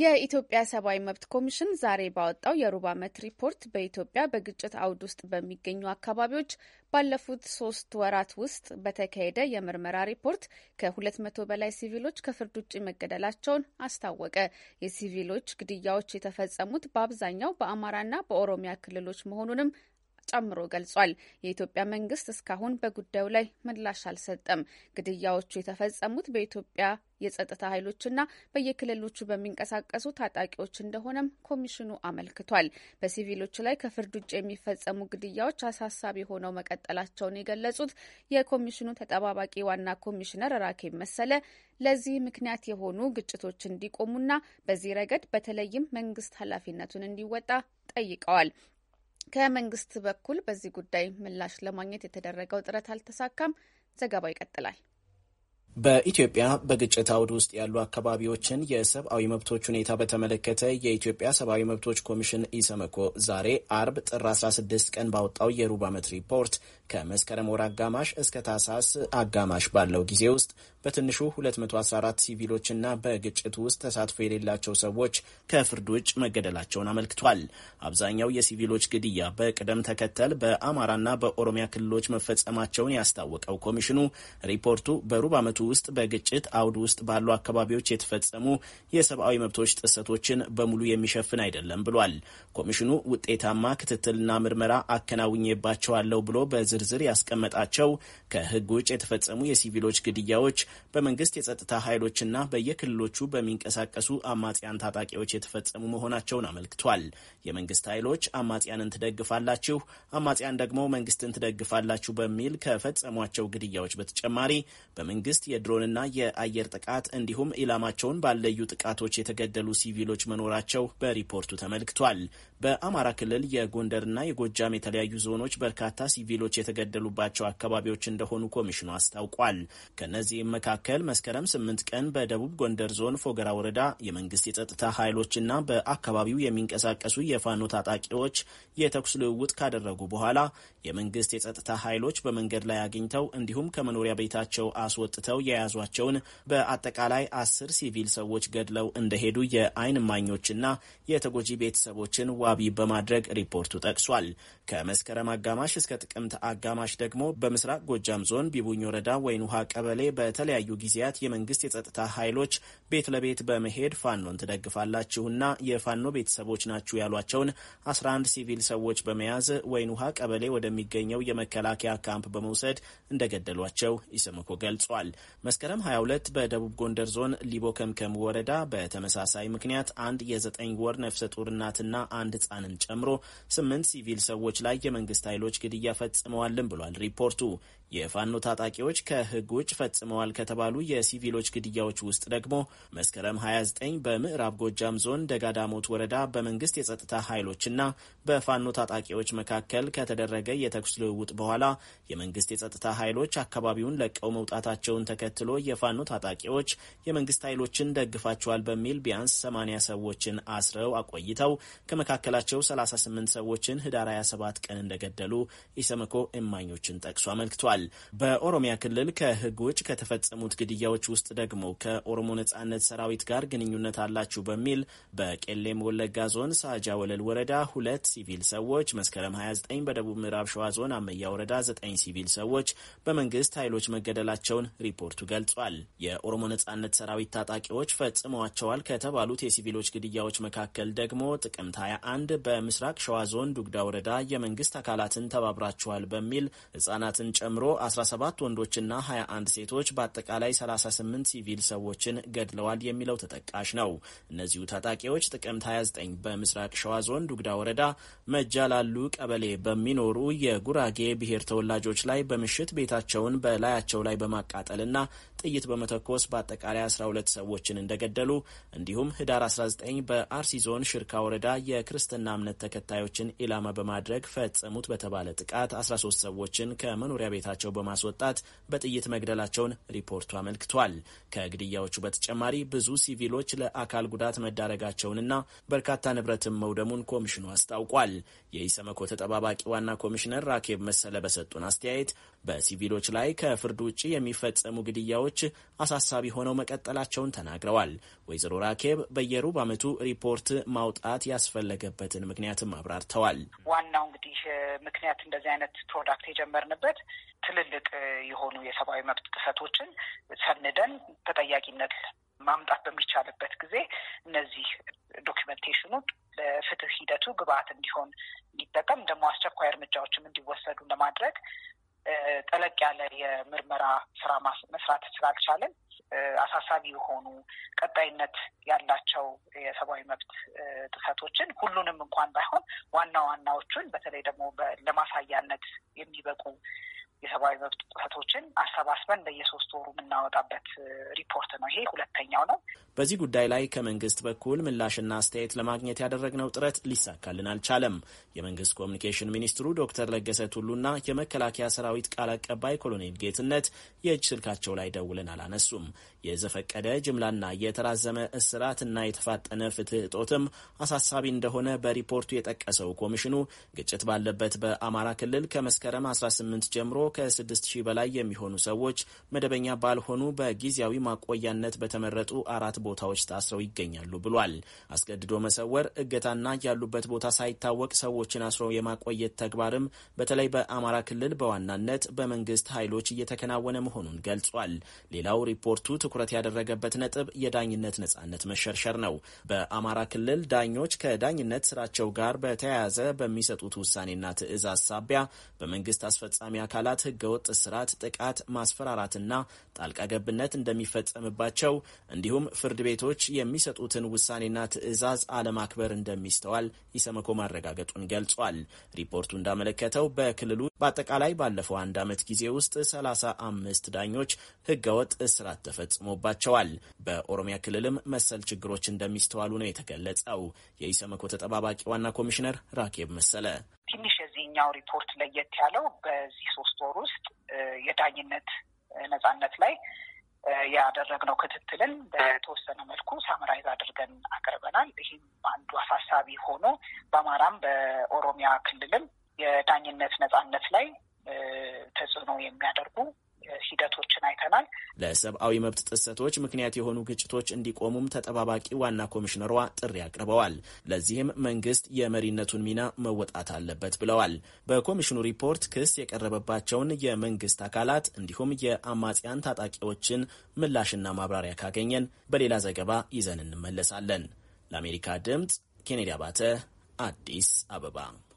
የኢትዮጵያ ሰብአዊ መብት ኮሚሽን ዛሬ ባወጣው የሩብ ዓመት ሪፖርት በኢትዮጵያ በግጭት አውድ ውስጥ በሚገኙ አካባቢዎች ባለፉት ሶስት ወራት ውስጥ በተካሄደ የምርመራ ሪፖርት ከ200 በላይ ሲቪሎች ከፍርድ ውጭ መገደላቸውን አስታወቀ። የሲቪሎች ግድያዎች የተፈጸሙት በአብዛኛው በአማራና በኦሮሚያ ክልሎች መሆኑንም ጨምሮ ገልጿል። የኢትዮጵያ መንግስት እስካሁን በጉዳዩ ላይ ምላሽ አልሰጠም። ግድያዎቹ የተፈጸሙት በኢትዮጵያ የጸጥታ ኃይሎችና በየክልሎቹ በሚንቀሳቀሱ ታጣቂዎች እንደሆነም ኮሚሽኑ አመልክቷል። በሲቪሎች ላይ ከፍርድ ውጭ የሚፈጸሙ ግድያዎች አሳሳቢ ሆነው መቀጠላቸውን የገለጹት የኮሚሽኑ ተጠባባቂ ዋና ኮሚሽነር ራኬብ መሰለ ለዚህ ምክንያት የሆኑ ግጭቶች እንዲቆሙና በዚህ ረገድ በተለይም መንግስት ኃላፊነቱን እንዲወጣ ጠይቀዋል። ከመንግስት በኩል በዚህ ጉዳይ ምላሽ ለማግኘት የተደረገው ጥረት አልተሳካም። ዘገባው ይቀጥላል። በኢትዮጵያ በግጭት አውድ ውስጥ ያሉ አካባቢዎችን የሰብአዊ መብቶች ሁኔታ በተመለከተ የኢትዮጵያ ሰብአዊ መብቶች ኮሚሽን ኢሰመኮ ዛሬ አርብ ጥር 16 ቀን ባወጣው የሩብ ዓመት ሪፖርት ከመስከረም ወር አጋማሽ እስከ ታህሳስ አጋማሽ ባለው ጊዜ ውስጥ በትንሹ 214 ሲቪሎችና በግጭት ውስጥ ተሳትፎ የሌላቸው ሰዎች ከፍርድ ውጭ መገደላቸውን አመልክቷል። አብዛኛው የሲቪሎች ግድያ በቅደም ተከተል በአማራና በኦሮሚያ ክልሎች መፈጸማቸውን ያስታወቀው ኮሚሽኑ ሪፖርቱ በሩብ ዓመቱ ውስጥ በግጭት አውድ ውስጥ ባሉ አካባቢዎች የተፈጸሙ የሰብአዊ መብቶች ጥሰቶችን በሙሉ የሚሸፍን አይደለም ብሏል። ኮሚሽኑ ውጤታማ ክትትልና ምርመራ አከናውኜባቸዋለሁ ብሎ በዝርዝር ያስቀመጣቸው ከህግ ውጭ የተፈጸሙ የሲቪሎች ግድያዎች በመንግስት የጸጥታ ኃይሎችና በየክልሎቹ በሚንቀሳቀሱ አማጽያን ታጣቂዎች የተፈጸሙ መሆናቸውን አመልክቷል። የመንግስት ኃይሎች አማጽያንን ትደግፋላችሁ፣ አማጽያን ደግሞ መንግስትን ትደግፋላችሁ በሚል ከፈጸሟቸው ግድያዎች በተጨማሪ በመንግስት የድሮንና የአየር ጥቃት እንዲሁም ኢላማቸውን ባለዩ ጥቃቶች የተገደሉ ሲቪሎች መኖራቸው በሪፖርቱ ተመልክቷል። በአማራ ክልል የጎንደርና የጎጃም የተለያዩ ዞኖች በርካታ ሲቪሎች የተገደሉባቸው አካባቢዎች እንደሆኑ ኮሚሽኑ አስታውቋል። ከእነዚህም መካከል መስከረም ስምንት ቀን በደቡብ ጎንደር ዞን ፎገራ ወረዳ የመንግስት የጸጥታ ኃይሎችና በአካባቢው የሚንቀሳቀሱ የፋኖ ታጣቂዎች የተኩስ ልውውጥ ካደረጉ በኋላ የመንግስት የጸጥታ ኃይሎች በመንገድ ላይ አግኝተው እንዲሁም ከመኖሪያ ቤታቸው አስወጥተው የያዟቸውን በአጠቃላይ አስር ሲቪል ሰዎች ገድለው እንደሄዱ የአይን እማኞችና የተጎጂ ቤተሰቦችን ዋቢ በማድረግ ሪፖርቱ ጠቅሷል። ከመስከረም አጋማሽ እስከ ጥቅምት አጋማሽ ደግሞ በምስራቅ ጎጃም ዞን ቢቡኝ ወረዳ ወይን ውሃ ቀበሌ በተለያዩ ጊዜያት የመንግስት የጸጥታ ኃይሎች ቤት ለቤት በመሄድ ፋኖን ትደግፋላችሁና የፋኖ ቤተሰቦች ናችሁ ያሏቸውን 11 ሲቪል ሰዎች በመያዝ ወይን ውሃ ቀበሌ ወደሚገኘው የመከላከያ ካምፕ በመውሰድ እንደገደሏቸው ኢሰመኮ ገልጿል። መስከረም 22 በደቡብ ጎንደር ዞን ሊቦ ከምከም ወረዳ በተመሳሳይ ምክንያት አንድ የዘጠኝ ወር ነፍሰ ጡር እናትና አንድ ህጻንን ጨምሮ ስምንት ሲቪል ሰዎች ላይ የመንግስት ኃይሎች ግድያ ፈጽመዋልን ብሏል ሪፖርቱ። የፋኖ ታጣቂዎች ከህግ ውጭ ፈጽመዋል ከተባሉ የሲቪሎች ግድያዎች ውስጥ ደግሞ መስከረም 29 በምዕራብ ጎጃም ዞን ደጋዳሞት ወረዳ በመንግስት የጸጥታ ኃይሎችና በፋኖ ታጣቂዎች መካከል ከተደረገ የተኩስ ልውውጥ በኋላ የመንግስት የጸጥታ ኃይሎች አካባቢውን ለቀው መውጣታቸውን ተከትሎ የፋኖ ታጣቂዎች የመንግስት ኃይሎችን ደግፋቸዋል በሚል ቢያንስ 80 ሰዎችን አስረው አቆይተው ከመካከል ከመካከላቸው 38 ሰዎችን ህዳር 27 ቀን እንደገደሉ ኢሰመኮ እማኞችን ጠቅሶ አመልክቷል። በኦሮሚያ ክልል ከህግ ውጭ ከተፈጸሙት ግድያዎች ውስጥ ደግሞ ከኦሮሞ ነጻነት ሰራዊት ጋር ግንኙነት አላችሁ በሚል በቄሌም ወለጋ ዞን ሳጃ ወለል ወረዳ ሁለት ሲቪል ሰዎች፣ መስከረም 29 በደቡብ ምዕራብ ሸዋ ዞን አመያ ወረዳ ዘ9 ሲቪል ሰዎች በመንግስት ኃይሎች መገደላቸውን ሪፖርቱ ገልጿል። የኦሮሞ ነጻነት ሰራዊት ታጣቂዎች ፈጽመዋቸዋል ከተባሉት የሲቪሎች ግድያዎች መካከል ደግሞ ጥቅምት 21 አንድ በምስራቅ ሸዋ ዞን ዱግዳ ወረዳ የመንግስት አካላትን ተባብራችኋል በሚል ህጻናትን ጨምሮ 17 ወንዶችና 21 ሴቶች በአጠቃላይ 38 ሲቪል ሰዎችን ገድለዋል የሚለው ተጠቃሽ ነው። እነዚሁ ታጣቂዎች ጥቅምት 29 በምስራቅ ሸዋ ዞን ዱግዳ ወረዳ መጃ ላሉ ቀበሌ በሚኖሩ የጉራጌ ብሔር ተወላጆች ላይ በምሽት ቤታቸውን በላያቸው ላይ በማቃጠልና ጥይት በመተኮስ በአጠቃላይ 12 ሰዎችን እንደገደሉ እንዲሁም ህዳር 19 በአርሲ ዞን ሽርካ ወረዳ የክርስትና እምነት ተከታዮችን ኢላማ በማድረግ ፈጸሙት በተባለ ጥቃት 13 ሰዎችን ከመኖሪያ ቤታቸው በማስወጣት በጥይት መግደላቸውን ሪፖርቱ አመልክቷል። ከግድያዎቹ በተጨማሪ ብዙ ሲቪሎች ለአካል ጉዳት መዳረጋቸውንና በርካታ ንብረትም መውደሙን ኮሚሽኑ አስታውቋል። የኢሰመኮ ተጠባባቂ ዋና ኮሚሽነር ራኬብ መሰለ በሰጡን አስተያየት በሲቪሎች ላይ ከፍርድ ውጭ የሚፈጸሙ ግድያዎች ሁኔታዎች አሳሳቢ ሆነው መቀጠላቸውን ተናግረዋል። ወይዘሮ ራኬብ በየሩብ ዓመቱ ሪፖርት ማውጣት ያስፈለገበትን ምክንያትም አብራርተዋል። ዋናው እንግዲህ ምክንያት እንደዚህ አይነት ፕሮዳክት የጀመርንበት ትልልቅ የሆኑ የሰብአዊ መብት ጥሰቶችን ሰንደን ተጠያቂነት ማምጣት በሚቻልበት ጊዜ እነዚህ ዶኪመንቴሽኑ ለፍትህ ሂደቱ ግብአት እንዲሆን እንዲጠቀም ደግሞ አስቸኳይ እርምጃዎችም እንዲወሰዱ ለማድረግ ጠለቅ ያለ የምርመራ ስራ መስራት ስላልቻለን አሳሳቢ የሆኑ ቀጣይነት ያላቸው የሰብአዊ መብት ጥሰቶችን ሁሉንም እንኳን ባይሆን ዋና ዋናዎቹን በተለይ ደግሞ ለማሳያነት የሚበቁ የሰብአዊ መብት ጥሰቶችን አሰባስበን በየሶስት ወሩ የምናወጣበት ሪፖርት ነው። ይሄ ሁለተኛው ነው። በዚህ ጉዳይ ላይ ከመንግስት በኩል ምላሽና አስተያየት ለማግኘት ያደረግነው ጥረት ሊሳካልን አልቻለም። የመንግስት ኮሚኒኬሽን ሚኒስትሩ ዶክተር ለገሰ ቱሉና የመከላከያ ሰራዊት ቃል አቀባይ ኮሎኔል ጌትነት የእጅ ስልካቸው ላይ ደውለን አላነሱም። የዘፈቀደ ጅምላና የተራዘመ እስራት እና የተፋጠነ ፍትህ እጦትም አሳሳቢ እንደሆነ በሪፖርቱ የጠቀሰው ኮሚሽኑ ግጭት ባለበት በአማራ ክልል ከመስከረም 18 ጀምሮ ከ6000 በላይ የሚሆኑ ሰዎች መደበኛ ባልሆኑ በጊዜያዊ ማቆያነት በተመረጡ አራት ቦታዎች ታስረው ይገኛሉ ብሏል። አስገድዶ መሰወር፣ እገታና ያሉበት ቦታ ሳይታወቅ ሰዎችን አስሮ የማቆየት ተግባርም በተለይ በአማራ ክልል በዋናነት በመንግስት ኃይሎች እየተከናወነ መሆኑን ገልጿል። ሌላው ሪፖርቱ ትኩረት ያደረገበት ነጥብ የዳኝነት ነጻነት መሸርሸር ነው። በአማራ ክልል ዳኞች ከዳኝነት ስራቸው ጋር በተያያዘ በሚሰጡት ውሳኔና ትዕዛዝ ሳቢያ በመንግስት አስፈጻሚ አካላት አካላት ህገወጥ ስርዓት፣ ጥቃት፣ ማስፈራራትና ጣልቃ ገብነት እንደሚፈጸምባቸው እንዲሁም ፍርድ ቤቶች የሚሰጡትን ውሳኔና ትዕዛዝ አለማክበር እንደሚስተዋል ኢሰመኮ ማረጋገጡን ገልጿል። ሪፖርቱ እንዳመለከተው በክልሉ በአጠቃላይ ባለፈው አንድ ዓመት ጊዜ ውስጥ ሰላሳ አምስት ዳኞች ህገወጥ እስራት ተፈጽሞባቸዋል። በኦሮሚያ ክልልም መሰል ችግሮች እንደሚስተዋሉ ነው የተገለጸው። የኢሰመኮ ተጠባባቂ ዋና ኮሚሽነር ራኬብ መሰለ ትንሽ ይሄኛው ሪፖርት ለየት ያለው በዚህ ሶስት ወር ውስጥ የዳኝነት ነጻነት ላይ ያደረግነው ክትትልን በተወሰነ መልኩ ሳምራይዝ አድርገን አቅርበናል። ይህም አንዱ አሳሳቢ ሆኖ በአማራም በኦሮሚያ ክልልም የዳኝነት ነጻነት ላይ ተጽዕኖ የሚያደርጉ ሂደቶችን አይተናል። ለሰብአዊ መብት ጥሰቶች ምክንያት የሆኑ ግጭቶች እንዲቆሙም ተጠባባቂ ዋና ኮሚሽነሯ ጥሪ አቅርበዋል። ለዚህም መንግስት የመሪነቱን ሚና መወጣት አለበት ብለዋል። በኮሚሽኑ ሪፖርት ክስ የቀረበባቸውን የመንግስት አካላት እንዲሁም የአማጽያን ታጣቂዎችን ምላሽና ማብራሪያ ካገኘን በሌላ ዘገባ ይዘን እንመለሳለን። ለአሜሪካ ድምፅ ኬኔዲ አባተ አዲስ አበባ